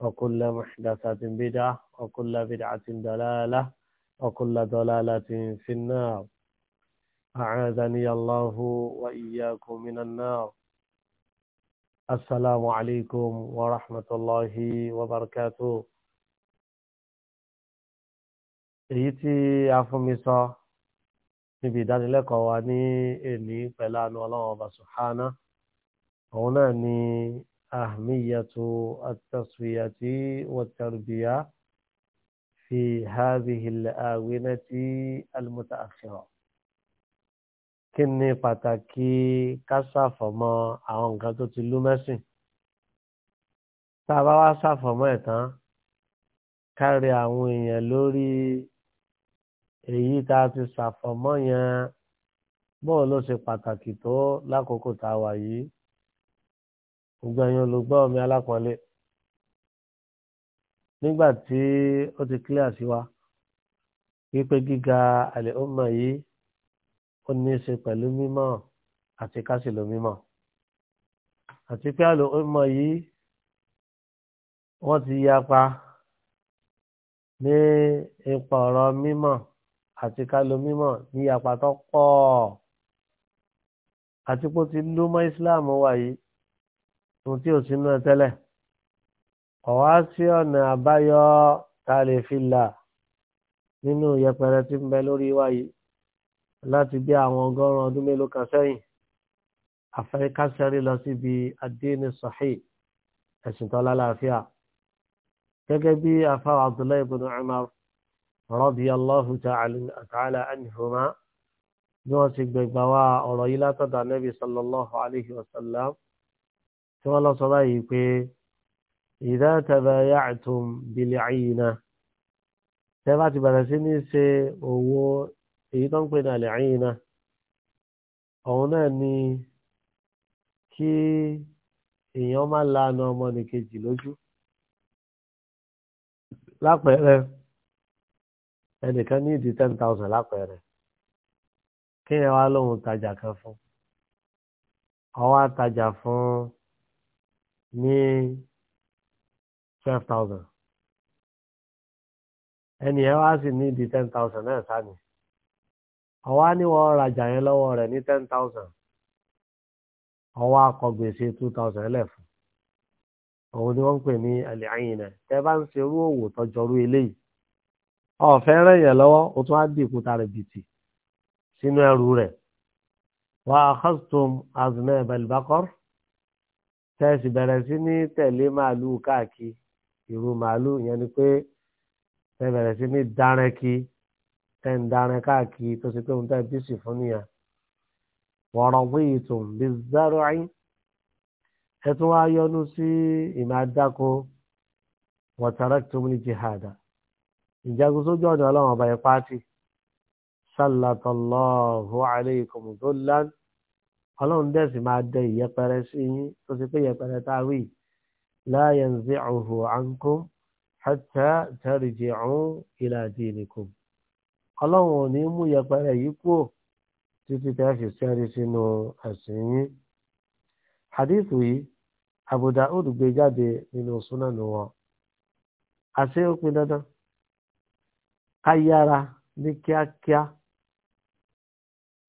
وكل محدثة بدعة وكل بدعة ضلالة وكل ضلالة في النار أعاذني الله وإياكم من النار السلام عليكم ورحمة الله وبركاته èyí tí a fún mi sọ níbi ìdánilẹ́kọ̀ọ́ wa ní èní pẹ̀lú àánú ọlọ́run ọba sùhánà òun náà ni أهمية التصفية والتربية في هذه الآونة المتأخرة kí ni pàtàkì ká ṣàfọ̀mọ́ àwọn nǹkan tó ti lú mẹ́sìn tá a bá wá ṣàfọ̀mọ́ ẹ̀ tán kárí àwọn èèyàn lórí èyí tá ti ṣàfọ̀mọ́ yẹn bóun ló ṣe pàtàkì tó lákòókò tá a wà gbogbo ẹ̀yin olùgbọ́ mi alápọ̀nlé nígbà tí ó ti clear sí wa wípé gíga àlè ọmọ yìí ó ní í ṣe pẹ̀lú mímọ́ àti kásìlò mímọ́ àti pé àlè ọmọ yìí wọ́n ti yapa ní ipa ọ̀rọ̀ mímọ́ àti kálò mímọ́ ní yapa tó pọ̀ àti pé ó ti lú mọ́ Islam wa tó tí ò sínú ẹ tẹ́lẹ̀ ọ̀wá sí ọ̀nà àbáyọ tá a lè fi là nínú yẹpẹrẹ tí ń bẹ lórí wa yìí láti bí àwọn ọgọ́rùn-ún ọdún mélòó kan sẹ́yìn àfẹ́kásẹ́rí lọ síbi àdínì sọ̀hí ẹ̀sìn tó lálàáfíà gẹ́gẹ́ bí afáwà Abdullahi ibn Umar radiyallahu ta'ala anhuma bí wọ́n ti gbẹ̀gbà wa ọ̀rọ̀ yìí látọ̀dọ̀ Ànábì sallallahu alayhi wa tí wọ́n lọ sọ báyìí pé idha tabaya'tum bil-'ayna tẹ́ bá ti bẹ̀rẹ̀ sí ní ṣe owó èyí tó ń pè ní al-'ayna ọ̀hún náà ni kí èèyàn má lanu ọmọnìkejì lójú lápẹẹrẹ ẹnìkan ní ìdí ten thousand lápẹẹrẹ kéèyàn wá lóhun tajà kan fún ọwọ́ àtajà fún ní twelve thousand ẹnì yẹn wá sì ní ìdí ten thousand náà sáni ọwọ́ á ní wọ́n rajà yẹn lọ́wọ́ rẹ̀ ní ten thousand ọwọ́ akọ gbèsè two thousand ẹlẹ́fù òun ni wọ́n ń pè ní ẹ̀lẹ́ àyìn náà tẹ́ bá ń ṣerú òwò tọjọ́rú eléyìí ọ̀fẹ́ rẹ̀ yẹn lọ́wọ́ ó tún á dì kúta rẹ̀ bìtì sínú ẹrù rẹ̀ wà á kọ́sùtùm azinẹ́ bẹ̀lìbákọ́rù tẹ́sì bẹ̀rẹ̀ sí ní tẹ̀lé màálù káàkiri ìrù màálù yẹn ni pé tẹ́ bẹ̀rẹ̀ sí ní dárẹ́ kí tẹ́ ń dárẹ́ káàkiri tó ṣe pé òun tẹ́ bísì fún nìyẹn. wọ̀rọ̀ fún ìtùn bí záró ayín ẹ tún wá yọnu sí ìmàdáko wọ̀tàrẹ́ tó ní jihada ìjagun sójú ọ̀nà ọlọ́run ọba ẹ̀ pátì sálàtàlọ́hu alaykum dọ́lán ọlọ́run dẹ̀sì máa dẹ ìyẹpẹrẹ sí yín tó ti pé ìyẹpẹrẹ tá a wí la yanzi'uhu ankum hatta tarji'u ila dinikum ọlọ́run ò ní mú ìyẹpẹrẹ yìí kú títí tẹ́ fi sẹ́rí sínú ẹ̀sìn yín hadith yìí Abu Daud jáde nínú súnánù wọn àṣé ó dandan ká yára ní kíákíá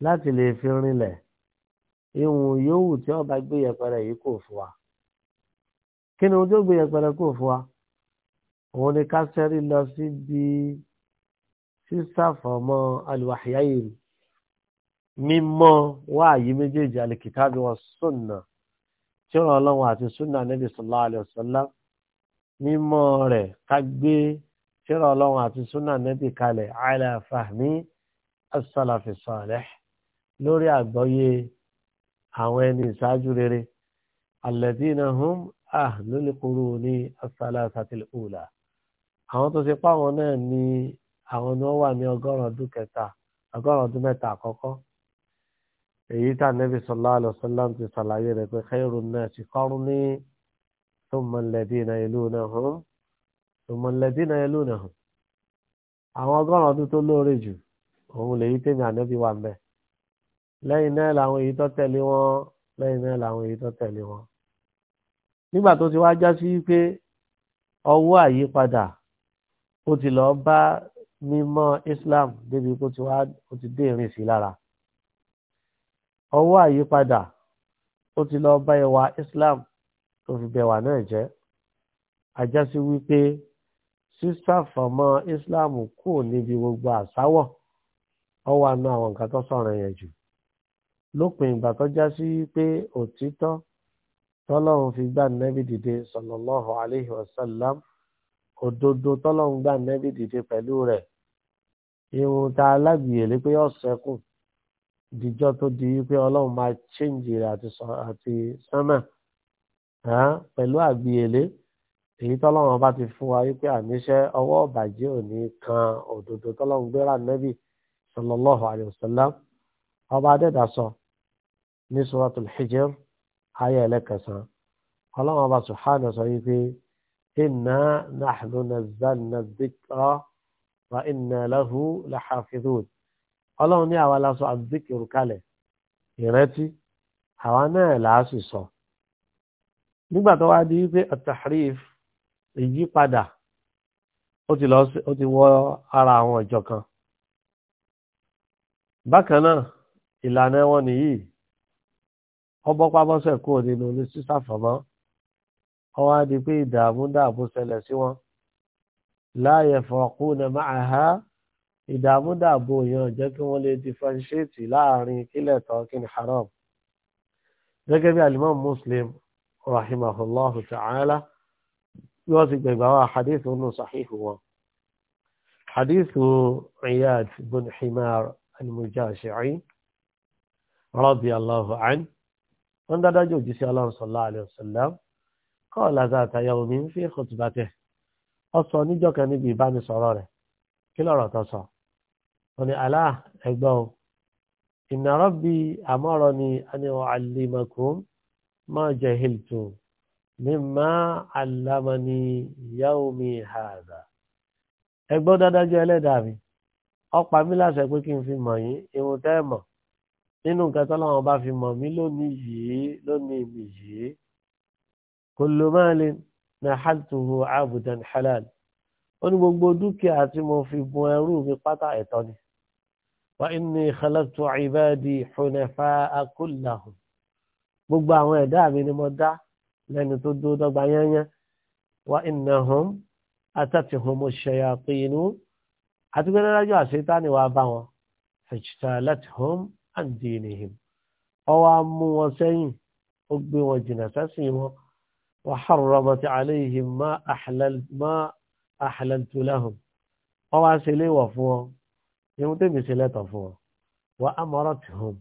láti lè fi rinlẹ̀ ihun yòówù tí ọba gbé yẹpẹrẹ yìí kò fún wa kí ni ohun tó gbé yẹpẹrẹ kò fún wa òun ni ká sẹ́rí lọ síbi sísàfọ̀mọ́ alùwàhíyáyìn mímọ́ wáàyí méjèèjì alìkìtàbí wa sunna tí ó ràn ọlọ́run àti sunna níbi sallallahu alaihi wasallam mímọ́ rẹ̀ tí ó ràn ọlọ́run àti sunna níbi kalẹ̀ ala fahmi lórí àgbọ́yé àwọn ẹni ìṣáájú rere alladhina hum ahlul quruni as-salasatil ula àwọn tó ṣe páwọn náà ni àwọn ni wọ́n wà ní ọgọ́rùn ọdún kẹta ọgọ́rùn ọdún mẹ́ta àkọ́kọ́ èyí tá nẹ́bí sallallahu alaihi wasallam ti ṣàlàyé rẹ̀ pé khairun nasi qarni thumma alladhina yalunahum thumma alladhina yalunahum àwọn ọgọ́rùn ọdún tó lóore jù òun lèyí tèmi ànẹ́bí wà mẹ́ẹ̀ lẹ́yìn náà làwọn èyí tó tẹ̀lé wọn lẹ́yìn náà làwọn èyí tó tẹ̀lé wọn. nígbà tó ti wá já sí pé ọwọ́ àyípadà ó ti lọ bá mímọ́ Islam débi kó ti wá ó ti dé ìrìn sí lára ọwọ́ àyípadà ó ti lọ bá ẹwà Islam tó fi bẹ̀wà náà jẹ́ àjásí wípé sísá fọmọ́ Islam kù níbi gbogbo àsáwọ̀ ọwọ́ àna àwọn nǹkan tó sọ̀rọ̀ yẹn jù lópin ìgbà tó já sí pé òtítọ́ tọ́lọ́run fi gbà nẹ́bí dìde sallallahu alayhi wa sallam òdodo tọ́lọ́run gbà nẹ́bí dìde pẹ̀lú rẹ̀ irun ta alágbèyèlé pé yóò ṣẹ́kù dìjọ́ tó di wípé ọlọ́run máa chíǹjì rẹ̀ àti sánmà pẹ̀lú àgbèyèlé èyí tọ́lọ́run bá ti fún wa wípé àníṣe ọwọ́ ọ̀bàjẹ́ ò ní kan òdodo tọ́lọ́run gbéra nẹ́bí sallallahu alayhi wa sallam ọba adẹ́dàsọ ní suratul hijr ayé ẹlẹ́kẹsàn ọlọ́run ọba subhana sọ yìí pé inna nahnu nazzalna dhikra wa inna lahu lahafidhun ọlọ́run ní àwa la sọ àdìkìrù kalẹ̀ ìrètí àwa náà làá sì sọ nígbà tó wá di wípé atahrif ìyípadà ó ti wọ ara àwọn ìjọ kan bákan náà ìlànà wọn nìyí ọbọ̀ pamọ́sẹ̀ kúrò nínú ilé sísá fọmọ́ ọwọ́ á di pé ìdààmú dààmú ṣẹlẹ̀ sí wọn láàyè fọ̀ọ́kú ní máa ha ìdààmú dààmú yẹn jẹ́ kí wọ́n lè differentiate láàrin kílẹ̀ tọ́ kí ni haram gẹ́gẹ́ bí alimọ́ muslim rahimahullahu ta'ala bí wọ́n ti gbẹ̀gbà wá hadithu nù sahihu wọn hadithu Iyad bin Himar al-Mujashi'i radiyallahu anhu wọ́n dádájọ́ òjíṣẹ́ ọlọ́run sallallahu alaihi wasallam qala zata yawmin fi khutbatihi ọ sọ níjọ́ kan níbi ìbánisọ̀rọ̀ rẹ̀ kí lọ́rọ̀ tó sọ wọ́n ní alá ẹgbọ́n o inna rabbi amarani an u'allimakum ma jahiltu mimma 'allamani yawmi hadha ẹgbọ́n dádájọ́ ẹlẹ́dàá mi ó pa láṣẹ pé kí n fi mọ̀ yín ìhun tẹ́ mọ̀ nínú nǹkan tọ́lọ́wọ́n bá fi mọ̀ mí lónìí yìí lónìí mi yìí kullu malin nahaltuhu abudan halal ó ní gbogbo dúkìá tí mo fi bùn ẹrú mi pátá ẹ̀tọ́ ni wa inni khalaqtu ibadi hunafa'a kullahum gbogbo àwọn ẹ̀dá mi ni mo dá lẹ́ni tó dó dọ́gba yányán wa innahum atatihum ash-shayatinu àti pé dájú àṣetá ni wàá bá wọn fajtalathum àǹdí nìyẹn ọwọ́ á mú wọn sẹ́yìn ó gbé wọn jìnnà sẹ́sìn wọn wà hàrùrọ̀mọ̀tì àléhìn má àhàlẹ́ntúláhùn wọ́n wá ṣe léwọ̀ fún wọn ihun tèmi ṣe lẹ́tọ̀ fún wọn wà á mọ̀rọ̀ tì hàn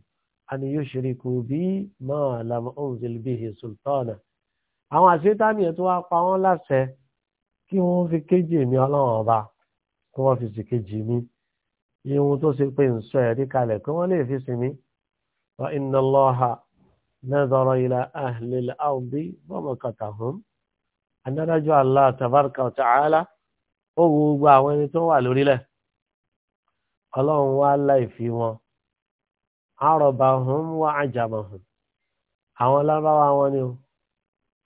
àni yóò ṣeré kò bí máa làmọ́ òǹzẹ̀ bí i sultana àwọn àṣetánì ẹ̀ tó wá pa wọ́n láṣẹ kí wọ́n fi kéjì mi ọlọ́run ọba kí wọ́n fi sì kéjì mi ihun tó ṣe pé ń sọ ẹ̀rí kalẹ̀ pé wọ́n lè fi sinmi wa inna Allaha nazara ila ahli al-ardi wa makatahum adájọ́ Allah tabaraka wa ta'ala ó wo gbogbo àwọn ẹni tó wà lórílẹ̀ ọlọ́run wá láìfi wọn arabahum wa ajamahum àwọn lábáwá wọn ni o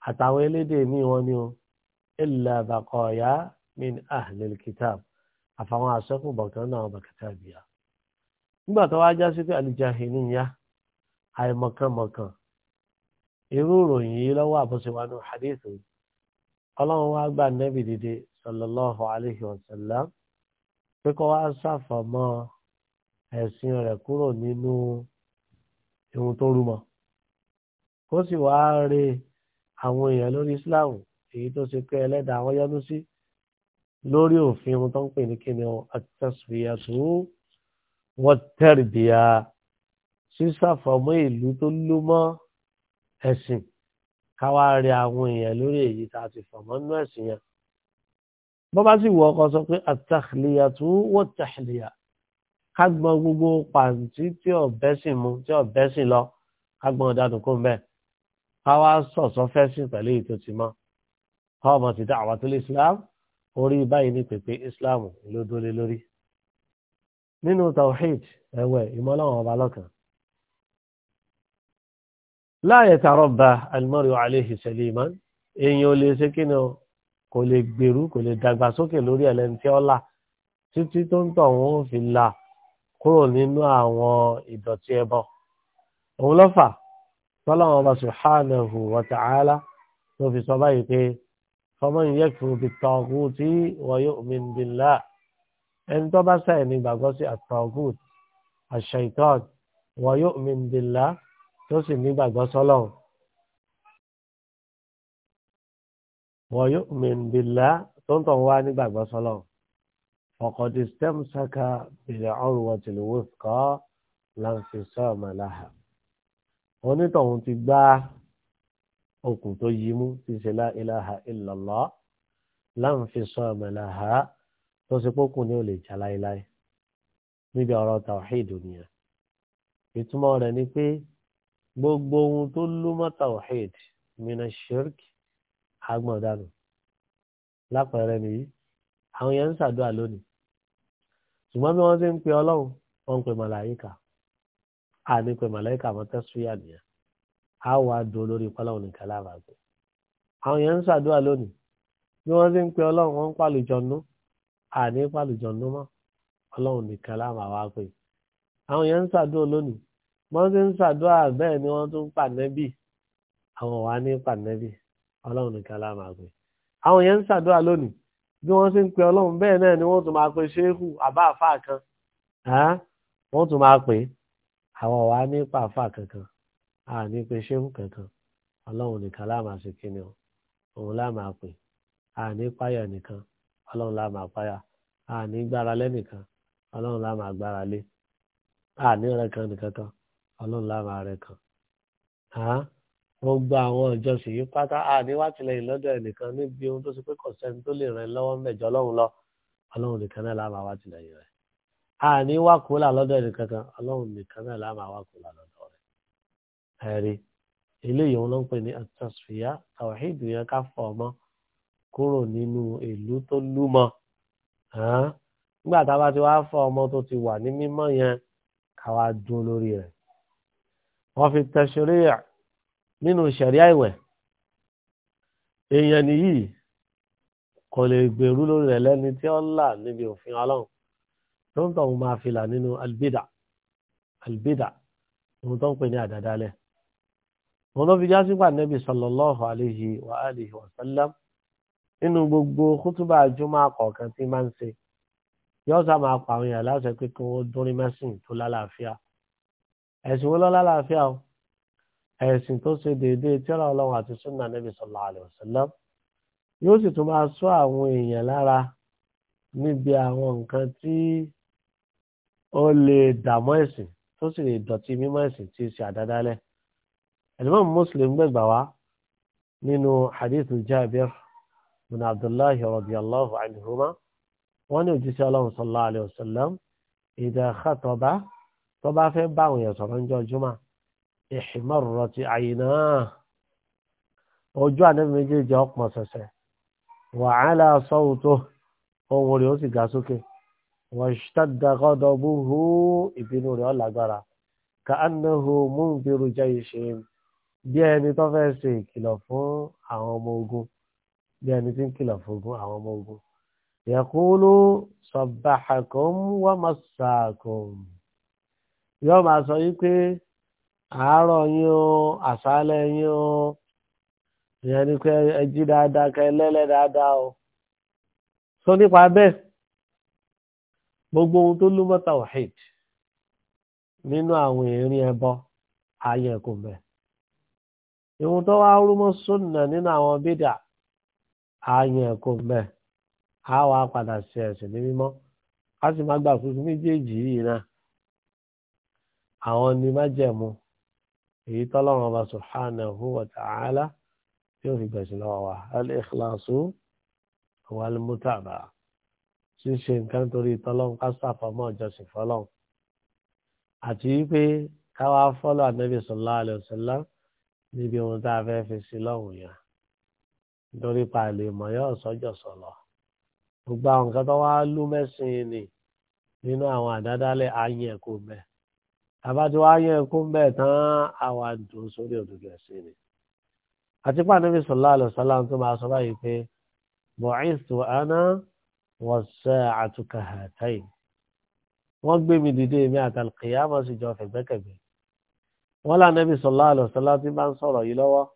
àtàwọn elédè míì wọn ni o illa baqaya min ahli al àfàwọn àṣẹ́kù bọ̀kan náà bàkàtà ìbíyà nígbà tó wá já sí pé al-jahiliyya àìmọ̀kànmọ̀kàn irú ìròyìn yìí lọ́wọ́ àbọ̀sẹ̀wánú hadith ọlọ́run wá gbà nẹ́bì dìde sallallahu alayhi wa sallam pé kó wá ṣàfọ̀mọ́ ẹ̀sìn rẹ̀ kúrò nínú ohun tó rúmọ kó sì wá re àwọn èèyàn lórí Islam èyí tó ṣe pé ẹlẹ́dàá wọn yọ́nú sí. Si lórí òfin ohun tó ń pè ní kíni ọ àtẹ̀sùfìyà tó wọ́n tẹ̀rìbìyà sísàfọ̀mọ́ ìlú tó ló mọ́ ẹ̀sìn káwá rí àwọn èèyàn lórí èyí tá a ti fọ̀mọ́ nínú ẹ̀sìn yẹn bó bá sì wọ ọkọ sọ pé àtàkìlìyà tó wọ́n tàkìlìyà kágbọn gbogbo pàǹtí tí ọ̀bẹ sì mú tí ọ̀bẹ sì lọ kágbọn ọ̀dàdùn kó ń bẹ̀ káwá sọ̀sọ́ fẹ́sìn pẹ̀lú ètò tìmọ́ ọmọ ti dá àwọn tó Islam orí báyìí ní pèpè islam ló dólé lórí nínú tawhid ẹ̀wẹ̀ ìmọ̀láwọn ọba lọ́kàn la yatarabba al-mar'u alayhi saliman èèyàn ò lè ṣe kí ni kò lè gbèrú kò lè dàgbàsókè lórí ẹlẹ́ni tí ó là títí tó ń tọ̀ wọ́n fi là kúrò nínú àwọn ìdọ̀tí ẹbọ òun lọ́fà tọ́lọ́wọ́n ọba subhanahu wa ta'ala tó fi sọ báyìí pé faman yakfuru bit-taghuti wa yu'min billah ẹni tó bá sẹ́yìn ní gbàgbọ́ sí at-taghut ash-shaytan wa yu'min billah tó sì ní gbàgbọ́ sọ́lọ́run. wa yu'min billah tó ń tọ̀ wá ní gbàgbọ́ sọ́lọ́run. faqad istamsaka bil-urwatil wuthqa la infisama laha. onítọ̀hún ti gbá okùn tó yí mú ti ṣe la ilaha illallah láǹfi sọ àmàlàhà tó ṣe pókùn ní olè jà láéláé níbi ọ̀rọ̀ tawhid nìyẹn ìtumọ̀ rẹ̀ ni pé gbogbo ohun tó lú mọ́ tawhid mina shirk agbọ̀n dànù lápẹẹrẹ nìyí àwọn yẹn ń ṣàdúrà lónìí ṣùgbọ́n bí wọ́n ṣe ń pe ọlọ́run wọ́n ń pe màláyíkà àní pe màláyíkà mọ́ tẹ́sùyà nìyẹn á wà á dùn lórí pálọ̀ nìkan lábàgbé àwọn yẹn ń ṣàdúrà lónìí bí wọ́n ti ń pe ọlọ́run wọn ń pàlùjọ̀nú àní pàlùjọ̀nú mọ́ ọlọ́run nìkan láàmà wá pé àwọn yẹn ń ṣàdúrà lónìí wọ́n ti ń ṣàdúrà bẹ́ẹ̀ ni wọ́n tún pànẹ́bì àwọn wà ní pànẹ́bì ọlọ́run nìkan láàmà pé àwọn yẹn ń ṣàdúrà lónìí bí wọ́n ti ń pe ọlọ́run bẹ́ẹ̀ náà ni wọ́n tún máa pe ṣéhù àbá kan wọ́n tún máa pè àwọn wà ní pàfáà kankan a ní pé ṣéwù kankan ọlọ́run nìkan láàmà ṣe kíni o òun láàmà pè a ní páyà nìkan ọlọ́run láàmà páyà a ní gbára lé nìkan ọlọ́run láàmà gbára lé a ní rẹ kan nìkan kan ọlọ́run láàmà rẹ kan gbogbo àwọn ìjọsìn yìí pátá a ní wá tìlẹ́yìn lọ́dọ̀ ẹnìkan níbi ohun tó ṣe pé kò sẹ́ni tó lè ràn lọ́wọ́ mẹ́jọ ọlọ́run lọ ọlọ́run nìkan náà láàmà wá tìlẹ́yìn rẹ̀ a ní wá kúlà lọ́dọ̀ ẹnìkan ẹ̀rí eléyìí wọn ló ń pè ní atasfia tàwáhídù yẹn ká fọ ọmọ kúrò nínú ìlú tó lúmọ nígbà tá a bá ti wá fọ ọmọ tó ti wà ní mímọ́ yẹn ká wá dún lórí rẹ̀ wọ́n fi tẹ̀síríà nínú ṣẹ̀ríà ìwẹ̀ èèyàn nìyí kò lè gbèrú lórí rẹ̀ lẹ́ni tí ó là níbi òfin ọlọ́run tó ń tọ̀ máa fi là nínú albida albida tó ń pè ní àdàdálẹ̀ wọn lọ fi já sípà nẹ́bí sallallahu alayhi wa alihi wa sallam nínú gbogbo kútúbà jùmọ̀ àkọ̀ọ̀kan tí máa ń ṣe yóò sá máa pa àwọn èèyàn láti pé kí wọ́n dúnrín mẹ́sìn tó lálàáfíà ẹ̀sìn wọn lọ lálàáfíà o ẹ̀sìn tó ṣe déédéé tírà ọlọ́run àti súnà nẹ́bí sallallahu alayhi wa sallam yóò sì Imam Muslim gbẹ̀gbà wá nínú hadithu Jabir bin Abdullahi radiyallahu anhuma wọ́n ní òjíṣẹ́ Ọlọ́run sallallahu alayhi wa sallam idha khataba tó bá fẹ́ bá àwọn èèyàn sọ̀rọ̀ níjọ́ Jímọ̀ ihmarrat aynah ojú ànábì méjèèjì ọ̀pọ̀ sẹ̀sẹ̀ wa ala sawtuhu ohùn rẹ̀ ó sì ga sókè wa ishtadda ìbínú rẹ̀ ó lágbára ka'annahu munziru jayshin bí ẹni tó fẹ́ ṣe ìkìlọ̀ fún àwọn ọmọ ogun bí ẹni tí ń kìlọ̀ fún àwọn ọmọ ogun yẹ̀kúlú sọ̀bàhàkùn wọ́n máa sàkùn yóò máa sọ yí pé àárọ̀ yín o àṣálẹ̀ yín o ìyẹn ni pé ẹ dáadáa kẹ lẹ́lẹ́ dáadáa o sọ nípa bẹ́ẹ̀ gbogbo ohun tó lú mọ́ tawhid nínú àwọn èèrín ẹbọ ayẹ̀kùn bẹ́ẹ̀ ìwọ̀n tó wá rúmọ́ súnà nínú àwọn bídà ààyàn ẹ̀kọ́ mẹ́ a wá padà sí ẹ̀sìn ní mímọ́ a sì máa gbà fún méjèèjì yìí náà àwọn ni májẹ̀mú èyí tọ́lọ́run ọba subhanahu wa ta'ala tí ó fi gbẹ̀sìn lọ́wọ́ wa al-ikhlasu wal-mutaba ṣíṣe nǹkan torí tọ́lọ́run ká sàfọ́mọ́ ìjọsìn fọ́lọ́run àti wípé káwá fọ́lọ́ ànábì sallallahu alaihi níbi ohun tá a fẹ́ fi sí lọ́hùn yẹn nítorí pa àlè mọ̀ yóò sọ́jọ́ sọ̀lọ̀ gbogbo àwọn nǹkan tó wá lú mẹ́sìn ni nínú àwọn àdádálẹ̀ ayé ẹ̀kọ́ mẹ́ àbájọ ayé ẹ̀kọ́ mẹ́ tán àwa dùn sórí òdòdó ẹ̀sìn ni àti pàdánù sọ̀lá àlọ́sọ́lá tó máa sọ báyìí pé bọ̀ọ́ìsù àná wọ́n sẹ́ àtúkà àtàyè wọ́n gbé mi dìde mi àtàlùkìyà mọ́ sí jọ fẹ̀gbẹ́kẹ̀gbẹ́ ولا نبي صلى الله عليه وسلم بان صلى يلوه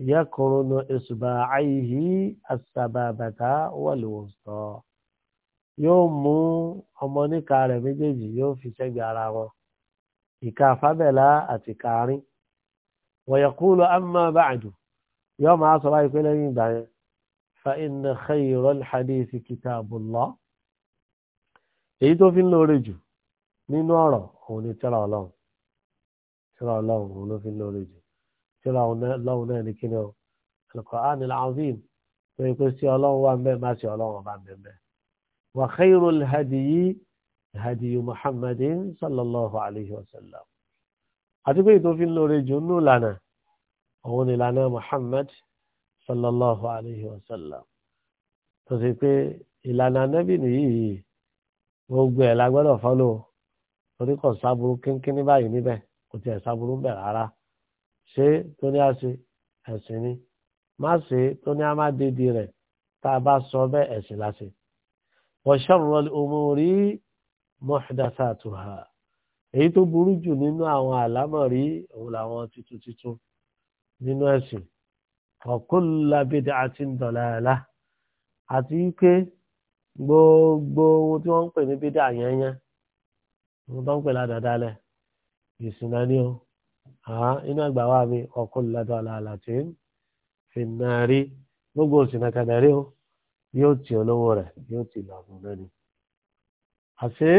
يكون اصبعيه السبابه والوسطى يوم امني يوم في يوفي شجاراو يكافى بلا اتكاري ويقول اما بعد يوم عصر يقول لي فان خير الحديث كتاب الله اي في فين من نينو اورو اوني تلا الله tíra ọlọ́run òun ló fi ń lórí jù tíra ọlọ́run náà ní kíni o Al-Qur'an al-Azim tó yẹ pé sí ọlọ́run wà mbẹ́ má sí ọlọ́run ọba mbẹ́ mbẹ́. wa khayrul hadiyi hadiyu muhammadin sallallahu alayhi wa sallam. àti pé ìtò fi ń lórí jù nù lànà òun ni lànà muhammad sallallahu alayhi wa sallam. tó sì pé ìlànà anábì nìyí gbogbo ẹ̀ la gbọ́dọ̀ fọ́lọ́ orí kọ̀ sábúrú kínkínní báyìí níbẹ̀ kò tiẹ̀ sábúrú bẹ̀ rárá ṣé tó ní a ṣe ẹ̀sìn ni má ṣe tó ní a má dédi rẹ̀ tá a bá sọ bẹ́ẹ̀ ẹ̀sìn la ṣe. wa sharral umuri muhdathatuha èyí tó burú jù nínú àwọn àlámọ̀rí òun làwọn tuntun tuntun nínú ẹ̀sìn wa kullu bid'atin àti wípé gbogbo ohun tí wọ́n ń pè ní bídà yẹn yẹn tó ń pè ládàá dálẹ̀ ìsìnà ni ó àá inú àgbà wa mi ọkọ lọ́dọ̀ àlàálà tí ń fi náà rí gbogbo òsìnà kàdàrí ó yóò ti olówó rẹ̀ yóò ti làbùn lẹ́nu. àṣé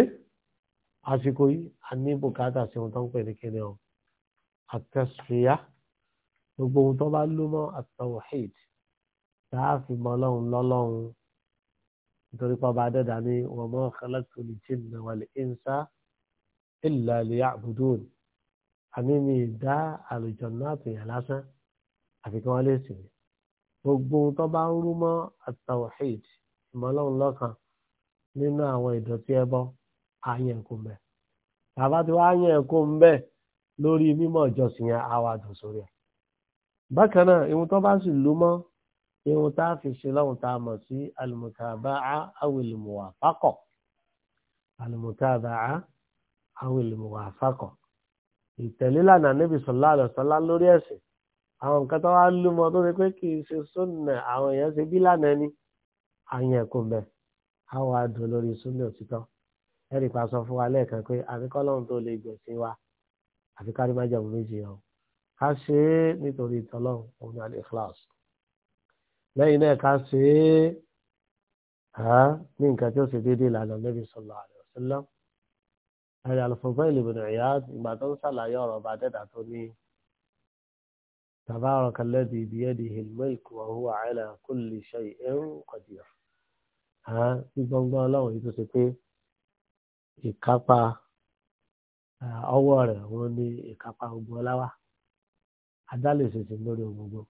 àsìkò yìí a ní bùkátà sí ohun tó ń pè ní kíni ọ àtẹ̀síyá gbogbo ohun tó bá lú mọ́ àtọwọ̀hìd tá a fi mọ ọlọ́run lọ́lọ́run nítorí pé ọba adẹ́dà ni wọ́n mọ́ kálá tó lè jìnnà wà lè illa liya'budun àmì mi dá àlùjọ̀nà àtìyàn lásán àfi kí wọ́n lè sìn gbogbo tó bá ń rú mọ́ at-tawhid ìmọ̀lọ́run lọ́kàn nínú àwọn ìdọ̀tí ẹbọ àyẹ̀ ẹ̀kọ́ mbẹ́ bàbá tí wọ́n àyẹ̀ ẹ̀kọ́ mbẹ́ lórí mímọ̀ ìjọsìn yẹn àwa dùn sórí ẹ̀ bákan náà ìhun tó bá sì lú mọ́ ìhun tá a fi ṣe lọ́hùn tá a mọ̀ sí al-mutaba'a aw al-muwafaqa al àwọn èlùmọ̀ wà fákọ̀ ìtẹ̀lélànà níbi sọ̀lá àlọ́sọ̀lá lórí ẹ̀sìn àwọn nǹkan tó wá lúmọ tó ṣe pé kì í ṣe súnà àwọn èèyàn ṣe bí lánàá ni àyàn ẹ̀kọ́ bẹ̀ àwọn adùn lórí súnà òtítọ́ ẹ̀rì pa sọ fún wa lẹ́ẹ̀kan pé àfikọ́lọ́run tó lè gbẹ̀sìn wa àfi kárí má jẹun méjì yẹn o ká ṣe é nítorí ìtọ́lọ́run òun ní al-ikhlas lẹ́yìn náà ká ṣe é ní nǹkan tó ṣe déédéé lànà Nabi sallallahu alaihi wasallam ẹ̀rẹ̀ Al-Fudail ibn Iyad ìgbà tó ń ṣàlàyé ọ̀rọ̀ bá dẹ́dà tó ní tabaraka alladhi biyadihi al-mulku wa huwa ala kulli shay'in qadir. àwọn tí gbọ́ngbọ́n ọlọ́run yìí tó ṣe pé ìkápá ọwọ́ rẹ̀ wọ́n ní ìkápá ogun ọláwà adálẹ̀ ìṣèṣì lórí ogun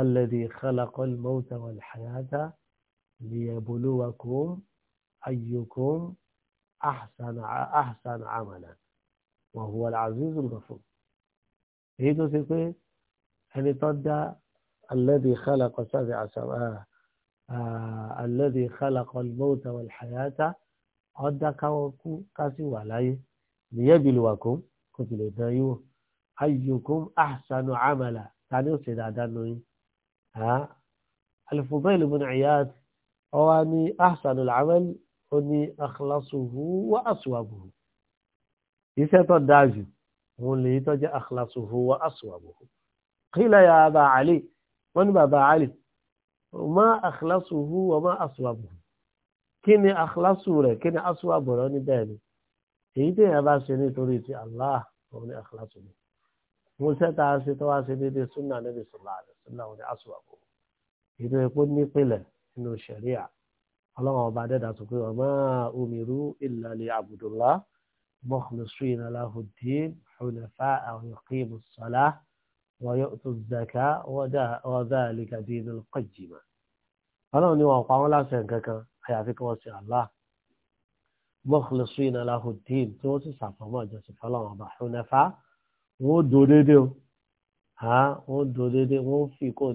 alladhi khalaqa al-mawta wal ahsana ahsana amala wa huwa al-azizul ghafur èyí tó ṣe pé ẹni tó dá alladhi khalaqa sab'a samawat alladhi khalaqa al-mawta wal-hayata ọ̀dá káwọ́ kú ká sì wà láyé liyabluwakum kò sì lè dán yín wò ayyukum ahsanu amala ta ni ó ṣe dáadáa nù yín. al-Fudayl ibn Iyad ó wá ní ahsanul amal ó ní akhlasuhu wa aswabuhu iṣẹ́ tó dáa jù òun lè yí tó jẹ́ akhlasuhu wa aswabuhu qila ya Aba Ali wọ́n ní bàbá Ali ma akhlasuhu wa ma aswabuhu kí ni akhlasu rẹ̀ kí ni aswabu rẹ̀ ní bẹ́ẹ̀ ni èyí tí èèyàn bá ṣe nítorí ti Allah òun ní akhlasu ni mo ṣe tá a ṣe tó wá ṣe déédéé súnà níbi sùnà rẹ̀ súnà òun ní aswabu ìdó epo nípìnlẹ̀ nínú ṣẹ̀ríà ọlọ́run ọba dẹ́dà sọ pé ọmọ umiru illa li abdullah mukhlisina lahuddin hunafa wa yuqimu as-salah wa yu'tu az-zakah wa dhalika dinul qayyima ọlọ́run ni wọn pa wọn láṣẹ nǹkan kan àyàfi kí wọ́n ṣe Allah mukhlisina lahuddin tí wọ́n sì ṣàfọ̀mọ́ ìjọsìn fọlọ́run ọba hunafa wọ́n dò déédéé wọ́n fi kó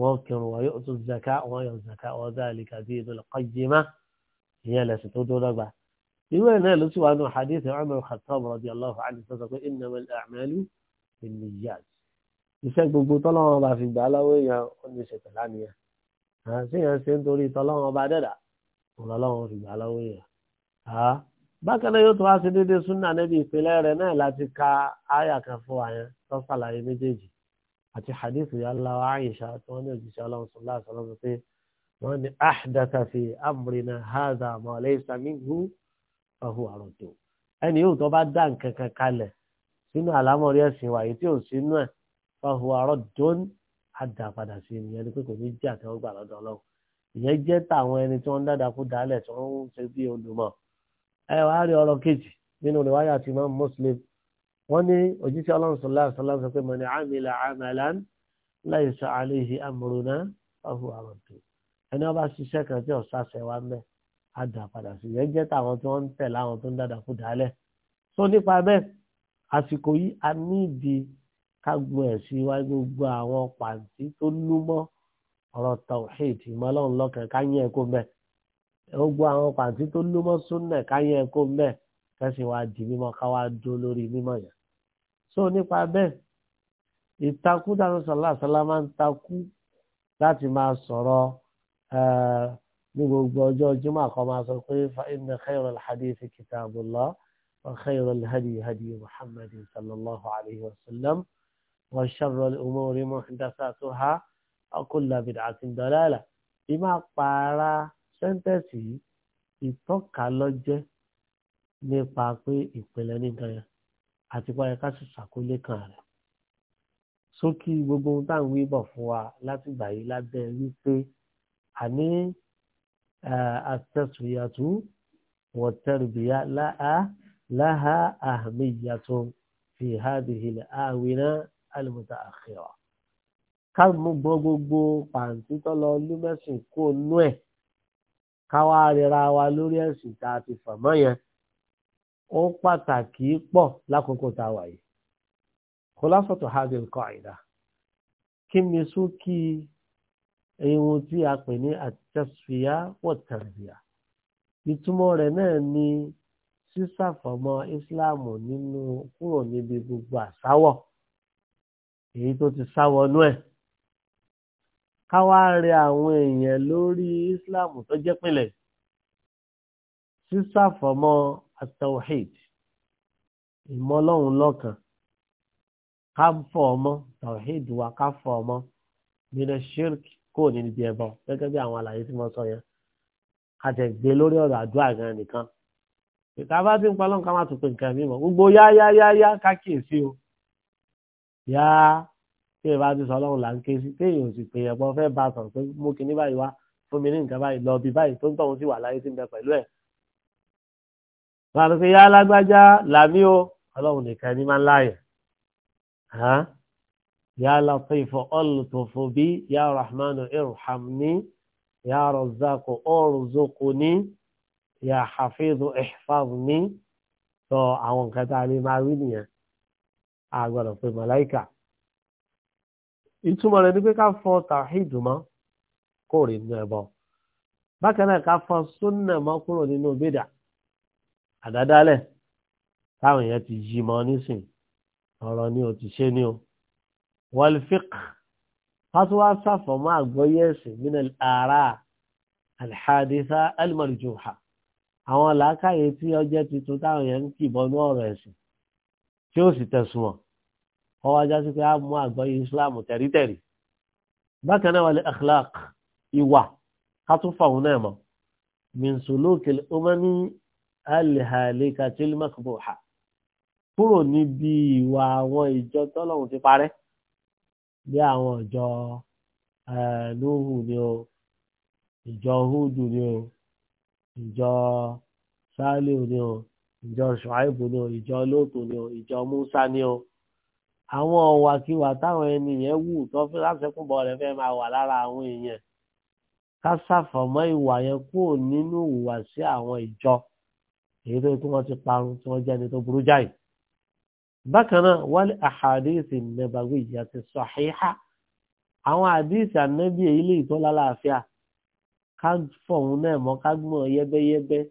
wọ́n kírun wọ́n yóò tún zaka wọ́n yọ zaka wọ́n dá àlìkà bíi ìdúlọ̀ kọ́jìmá ìyẹn lẹ́sìn tó dúró dọ́gba. ìwé náà ló sì wà nù hadith Umar Khattab radiyallahu anhu sọ pé innamal a'malu binniyat. iṣẹ́ gbogbo tọ́lọ́wọ́n bá fi gbà á èèyàn ó ní ṣe pẹ̀lá nìyẹn. àṣeyàn ṣe ń torí tọ́lọ́wọ́n bá dẹ́dà òǹlọ́wọ́n fi gbà á àti hadithu ya Allah wa Aisha tí wọ́n ní òjíṣẹ́ ọlọ́run sọ̀rọ̀ láti sọ̀rọ̀ pé wọ́n ní ahdatha fi amrina hadha ma laysa minhu fahu àròdò ẹni yóò tó bá dá nǹkan kan kalẹ̀ sínú àlámọ̀rí ẹ̀sìn wàyí tí ò sínú ẹ̀ fahu àròdò á dà padà sí ènìyàn ni pé kò ní jẹ́ àtẹ́wọ́gbà lọ́dọ̀ ọlọ́run ìyẹn jẹ́ tàwọn ẹni tí wọ́n ń dàdà kú dálẹ̀ tí wọ́n ń ṣe bí olùmọ̀ ẹ wàá rí ọ̀rọ̀ kejì nínú rẹ̀ wáyà tí Muslim wọ́n ní òjíṣẹ́ ọlọ́run sọ̀lá àṣọlá sọ pé mọ̀nà àmìlà àmàlán láìsọ àléhì amúrúná ọ̀hún àròtò ẹni ọba ṣiṣẹ́ kan tí ọ̀sáṣẹ wa mẹ́ á dà padà sí yẹn jẹ́ táwọn tí wọ́n ń tẹ̀ láwọn tó ń dàdà kú dálẹ̀ tó nípa bẹ́ẹ̀ àsìkò yìí a nídìí ká gbọ́n ẹ̀ sí wáyé gbogbo àwọn pàǹtí tó lúmọ́ ọ̀rọ̀ tawhid ìmọ̀lọ́run lọ́kàn ká yẹn mẹ́ gbogbo àwọn pàǹtí tó lúmọ́ súnà ká yẹn mẹ́ kẹ́sìn wa mímọ́ ká dó lórí mímọ́ yẹn so nípa bẹ́ẹ̀ ìtakú dáná sọlá sọlá máa ń takú láti máa sọ̀rọ̀ ní gbogbo ọjọ́ jimá kan máa sọ pé fa inna khayra al-hadith kitabullah wa khayra al-hadi hadi muhammadin sallallahu alayhi wa sallam wa sharra al-umuri muhdathatuha wa kullu bid'atin dalalah ìmá pààrà sẹ́ńtẹ̀sì yìí nípa pé ìpìlẹ̀ nìkan yẹn àti pé ká sì ṣàkólé kan rẹ̀ sókí gbogbo ohun tá à ń wí bọ̀ fún wa látìgbà yìí lábẹ́ wípé àní àtẹ̀sùyàtú wọ̀tẹ̀rùbíyà láha àhàmìyàtú fi hádìhìlẹ̀ àwìnà àlùmọ́tà àkẹ́wà. ká gbọ́ gbogbo pàǹtí tó lọ lúmẹ́sìn kó nú ẹ̀ ká rira wa lórí ẹ̀sìn tá a ti fàmọ́ yẹn ó pàtàkì pọ̀ lákòókò tá a wà yìí kò lásọ̀tò hadil qaida kí ni súnkì ohun tí a pè ní àtẹ̀síyá wọ̀tẹ̀síyá ìtumọ̀ rẹ̀ náà ni sísàfọ̀mọ́ ìsìláàmù nínú kúrò níbi gbogbo àsáwọ̀ èyí tó ti sáwọnú ẹ̀ káwá rẹ àwọn èèyàn lórí ìsìláàmù tó jẹ́ pínlẹ̀ yìí sísàfọ̀mọ́ atawhid ìmọ̀lọ́hun lọ́kàn ká fọ ọmọ tawhid wa ká fọ ọmọ nínú shirk kò ní níbi ẹbọ gẹ́gẹ́ bí àwọn àlàyé tí mo sọ yẹn àtẹ̀gbé lórí ọ̀rọ̀ àdúrà gan nìkan ìta bá ti ń palọ́n ká má tún pé nǹkan mímọ́ gbogbo yá yá yá yá ká kíyèsí o yá tí ìbá ti sọ ọlọ́run là ń ké sí téèyàn ò sì pè yẹn fẹ́ bá a sọ̀rọ̀ pé mú kinní báyìí wá fún mi ní nǹkan báyìí lọ bí báyìí tó ń tọ̀hún sí wà láyé tí ń bẹ pẹ̀lú ẹ̀ máa lọ sí yá alágbájá làmí o ọlọ́run nìkan ní máa ń láàyè yá lọ́tífù ọlùtòfò bí yá rahmanu irhamni yá rọ̀zákò ọ̀rùzókòní yá hafizu ihfazni sọ àwọn nǹkan tá a lè máa rí nìyẹn a gbọ́dọ̀ pé màláìkà ìtumọ̀ rẹ̀ ni pé ká fọ tàhídù mọ́ kó rí nínú ẹbọ bákan náà ká fọ súnnà mọ́ kúrò nínú bídà àdádálẹ̀ táwọn èèyàn ti yí mọ́ nísìn ọ̀rọ̀ ni ò ti ṣe ni o wọlfik fatuwa sáfọ̀mọ́ àgbọ́yé ẹ̀sìn nínú ara alhadisa almarjuha àwọn làákàyè tí ọjọ́ tuntun táwọn èèyàn ń kìbọn ní ọ̀rọ̀ ẹ̀sìn tí ó sì tẹ̀sùn wọn ọwọ́ ajá sí pé a mú àgbọ́yé islam tẹ̀rítẹ̀rí bákan náà wal akhlaq ìwà ká tún fàwọn náà mọ́ min sulukil umami alìhàlẹ́kàtìl makbuha kúrò níbi ìwà àwọn ìjọ tọ́lọ́hun ti parẹ́ bí àwọn ìjọ Nuhu ni o ìjọ Hudu ni o ìjọ Saliu ni o ìjọ Ṣuaibu ni o ìjọ Lótù ni o ìjọ Musa ni o àwọn ọ̀wàkiwà táwọn ẹni yẹn wù tó fi lásẹ̀kúbọ̀ rẹ̀ fẹ́ máa wà lára àwọn èèyàn ká sàfọ̀mọ́ ìwà yẹn kúrò nínú ìhùwàsí àwọn ìjọ èyí tó kí wọ́n ti parun tí wọ́n jáde tó burú jáì bákan náà wal ahadisi nabawiyya ti sahiha àwọn àdíìsì ànábì èyí lè tó lálàáfíà ká fọ̀hún náà mọ́ ká gbọ́n yẹ́bẹ́yẹ́bẹ́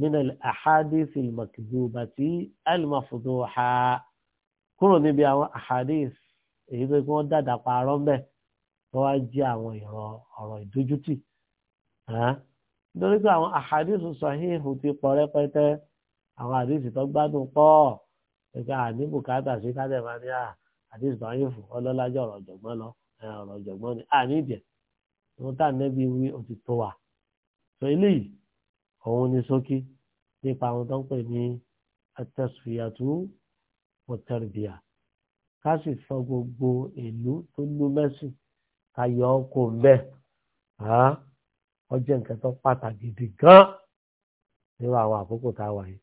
nínú àhádìsì makdubati al-mafduha kúrò níbi àwọn àhádìsì èyí tó kí wọ́n dàdà pa arọ́ mbẹ́ tó wá jẹ́ àwọn ọ̀rọ̀ ìdójútì nítorí pé àwọn àhàdìsù sọ̀híhù ti pọ̀ rẹpẹtẹ àwọn àdìsù tó gbádùn pọ̀ ẹ̀ka àní bùkátà sí kádẹ́mà ní àdìsù sọ̀híhù ọlọ́lájọ́ ọ̀rọ̀ ọ̀jọ̀gbọ́n lọ ọ̀rọ̀ ọ̀jọ̀gbọ́n ni àní ìdẹ̀ wọn tà nẹ́bí wí ó ti tó wa sọ eléyìí òun ni sókí nípa àwọn tó ń pè ní àtẹ̀sùfìyàtú mọ̀tẹ́rìbìyà ká sì sọ gbogbo ìlú tó lú mẹ́sì ká yọ ọ́ bẹ́ẹ̀ wọ́n jẹ́ nǹkan tó pàtàkì gidi gan nínú àwọn àkókò tá a wà yìí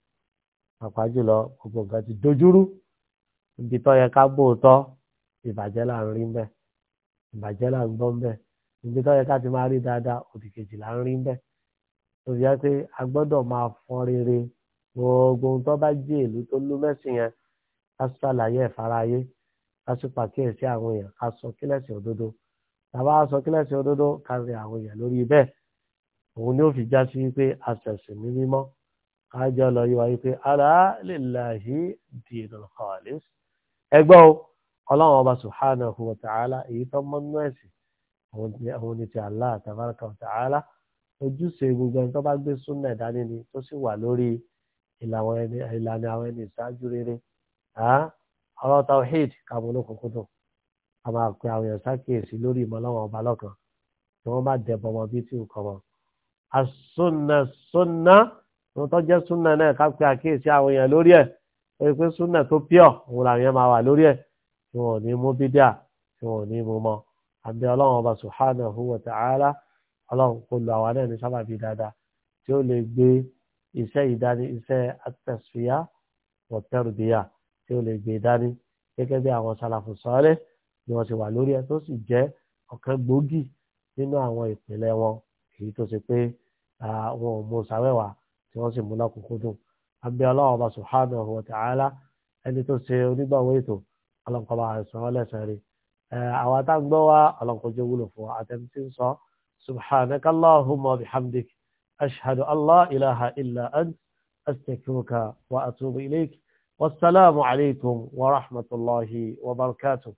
pàápàá jùlọ gbogbo nǹkan ti dojúrú ibi tó yẹ ká gbóòótọ́ ìbàjẹ́ là ń rí mbẹ́ ìbàjẹ́ là ń gbọ́ mbẹ́ ibi tó yẹ ká ti máa rí dáadáa òdì kejì là ń rí mbẹ́ tó fi yẹ pé a gbọ́dọ̀ máa fọ́n rere gbogbo ohun tó bá jẹ́ ìlú tó lú mẹ́sìn yẹn ká sọ àlàyé ẹ̀fáráyé ká sọ pàkíyèsí àwọn èèyàn ká sọ kílẹ̀sì òdodo tàbá sọ kílẹ̀sì òdodo ká rí àwọn èèyàn lórí bẹ́ẹ̀ òun ni ó fi já sí wípé àṣẹ̀sìn ní mímọ́ ájọ́ lọ yíwa wípé alá lillahi dinul khalis ẹgbọ́ o ọlọ́run ọba subhanahu wa ta'ala èyí tó mọ́ nínú ẹ̀sìn òun ni ti Allah tabaraka wa ta'ala ojúṣe gbogbo ẹni tó bá gbé súnà ìdání ni tó sì wà lórí ìlànà àwọn ẹni ìṣáájú rere ọ̀rọ̀ tawhid kàmúnú kòkòtò a máa pe àwọn èèyàn sákèèsí lórí ìmọ̀ ọlọ́run ọba lọ́kan tí wọ́n bá dẹ̀bọ̀ wọn bí tí ò kọ́ wọn asúnà súnà wọn tó jẹ́ súnà náà ká pé àkíyèsí àwọn èèyàn lórí ẹ̀ ó yẹ pé súnà tó pure òun làwọn èèyàn máa wà lórí ẹ̀ tí wọn ò ní mú bídíà tí wọn ò ní mú mọ́ àbí ọlọ́run ọba subhanahu wa ta'ala ọlọ́run kò lu àwa náà ní sábàbí dáadáa tí ó lè gbé iṣẹ́ ìdání iṣẹ́ at-tasfiya wa tarbiya tí ó lè gbé dání gẹ́gẹ́ bí àwọn sàlàfù sọ́ọ́lẹ́ ni wọ́n ti wà lórí ẹ̀ tó sì jẹ́ ọ̀kan gbòógì nínú àwọn ìpìlẹ̀ wọn èyí tó ṣe pé wọn ò mú sàwẹ́wà tí wọ́n sì mú lákòókò dùn abẹ́ ọlọ́run ọba subhanahu wa ta'ala ẹni tó ṣe onígbàwó ètò ọlọ́nkọba àìsàn ọlẹ́sẹ̀ rí àwọn atágbọ́ wa ọlọ́nkọjọ wúlò fún àtẹni tí ń sọ subhanaka allahumma wa bihamdik ashhadu an ilaha illa ant astaghfiruka wa atubu ilayk wassalamu alaykum wa rahmatullahi wa barakatuh